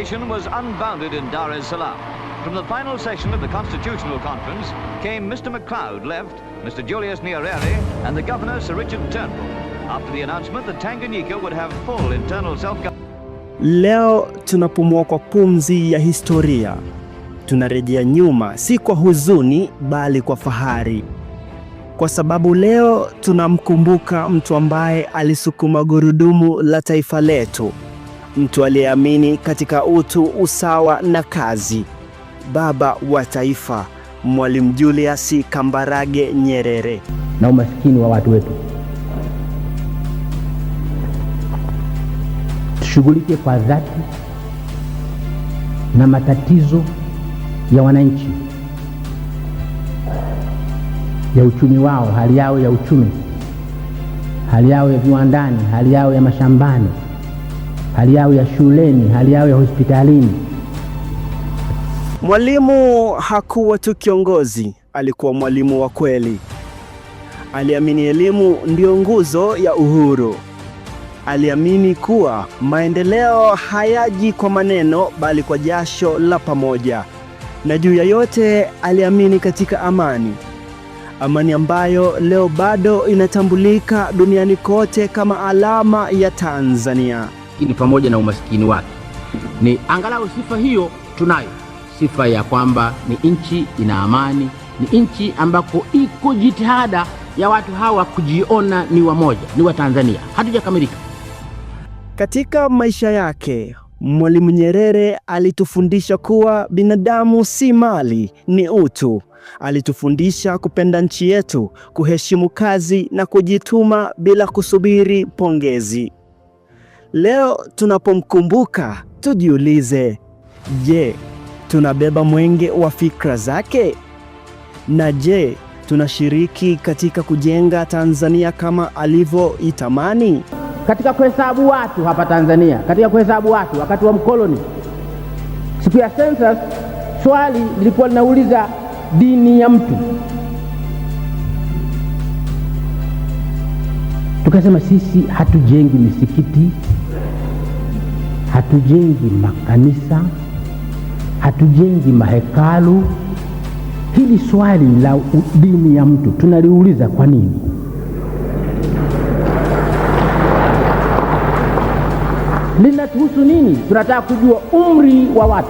jubilation was unbounded in Dar es Salaam. From the final session of the Constitutional Conference came Mr. MacLeod left, Mr. Julius Nyerere, and the Governor Sir Richard Turnbull, after the announcement that Tanganyika would have full internal self-government. Leo tunapumua kwa pumzi ya historia, tunarejea nyuma, si kwa huzuni, bali kwa fahari, kwa sababu leo tunamkumbuka mtu ambaye alisukuma gurudumu la taifa letu mtu aliyeamini katika utu, usawa na kazi. Baba wa Taifa Mwalimu Julius Kambarage Nyerere. Na umaskini wa watu wetu tushughulike kwa dhati na matatizo ya wananchi, ya uchumi wao, hali yao ya uchumi, hali yao ya viwandani, hali yao ya mashambani hali yao ya shuleni, hali yao ya hospitalini. Mwalimu hakuwa tu kiongozi, alikuwa mwalimu wa kweli. Aliamini elimu ndio nguzo ya uhuru. Aliamini kuwa maendeleo hayaji kwa maneno, bali kwa jasho la pamoja, na juu ya yote aliamini katika amani, amani ambayo leo bado inatambulika duniani kote kama alama ya Tanzania maskini pamoja na umaskini wake. Ni angalau sifa hiyo tunayo, sifa ya kwamba ni nchi ina amani, ni nchi ambako iko jitihada ya watu hawa kujiona ni wamoja, ni Watanzania. Hatujakamilika katika maisha yake. Mwalimu Nyerere alitufundisha kuwa binadamu si mali, ni utu. Alitufundisha kupenda nchi yetu, kuheshimu kazi na kujituma bila kusubiri pongezi. Leo tunapomkumbuka tujiulize, je, tunabeba mwenge wa fikra zake? Na je, tunashiriki katika kujenga Tanzania kama alivyoitamani? Katika kuhesabu watu hapa Tanzania, katika kuhesabu watu wakati wa mkoloni, siku ya sensa, swali lilikuwa linauliza dini ya mtu. Tukasema sisi hatujengi misikiti hatujengi makanisa, hatujengi mahekalu. Hili swali la dini ya mtu tunaliuliza kwa nini? Linatuhusu nini? Tunataka kujua umri wa watu,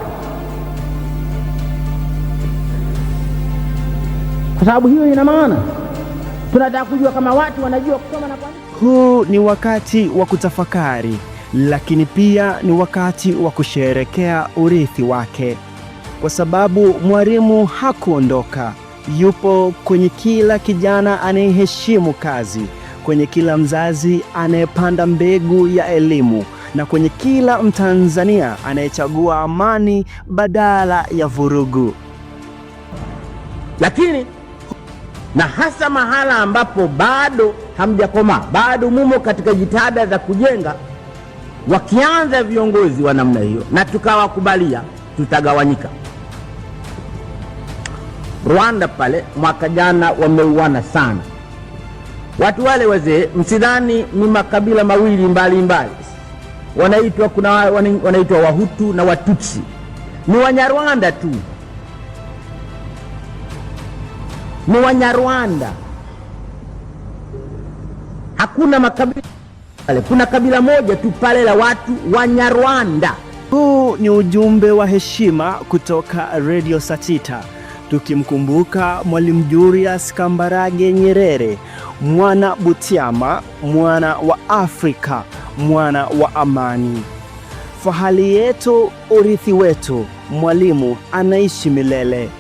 kwa sababu hiyo ina maana tunataka kujua kama watu wanajua kusoma na kuandika. Huu ni wakati wa kutafakari lakini pia ni wakati wa kusherekea urithi wake, kwa sababu mwalimu hakuondoka. Yupo kwenye kila kijana anayeheshimu kazi, kwenye kila mzazi anayepanda mbegu ya elimu, na kwenye kila Mtanzania anayechagua amani badala ya vurugu. Lakini na hasa mahala ambapo bado hamjakomaa, bado mumo katika jitihada za kujenga Wakianza viongozi wa namna hiyo na tukawakubalia, tutagawanyika. Rwanda pale mwaka jana wameuana sana watu wale wazee, msidhani ni makabila mawili mbalimbali wanaitwa, kuna wanaitwa Wahutu na Watutsi, ni Wanyarwanda tu, ni Wanyarwanda, hakuna makabila pale. Kuna kabila moja tu pale la watu wa nyarwanda Huu ni ujumbe wa heshima kutoka Radio Satita tukimkumbuka Mwalimu Julius Kambarage Nyerere, mwana Butiama, mwana wa Afrika, mwana wa amani. Fahali yetu, urithi wetu, Mwalimu anaishi milele.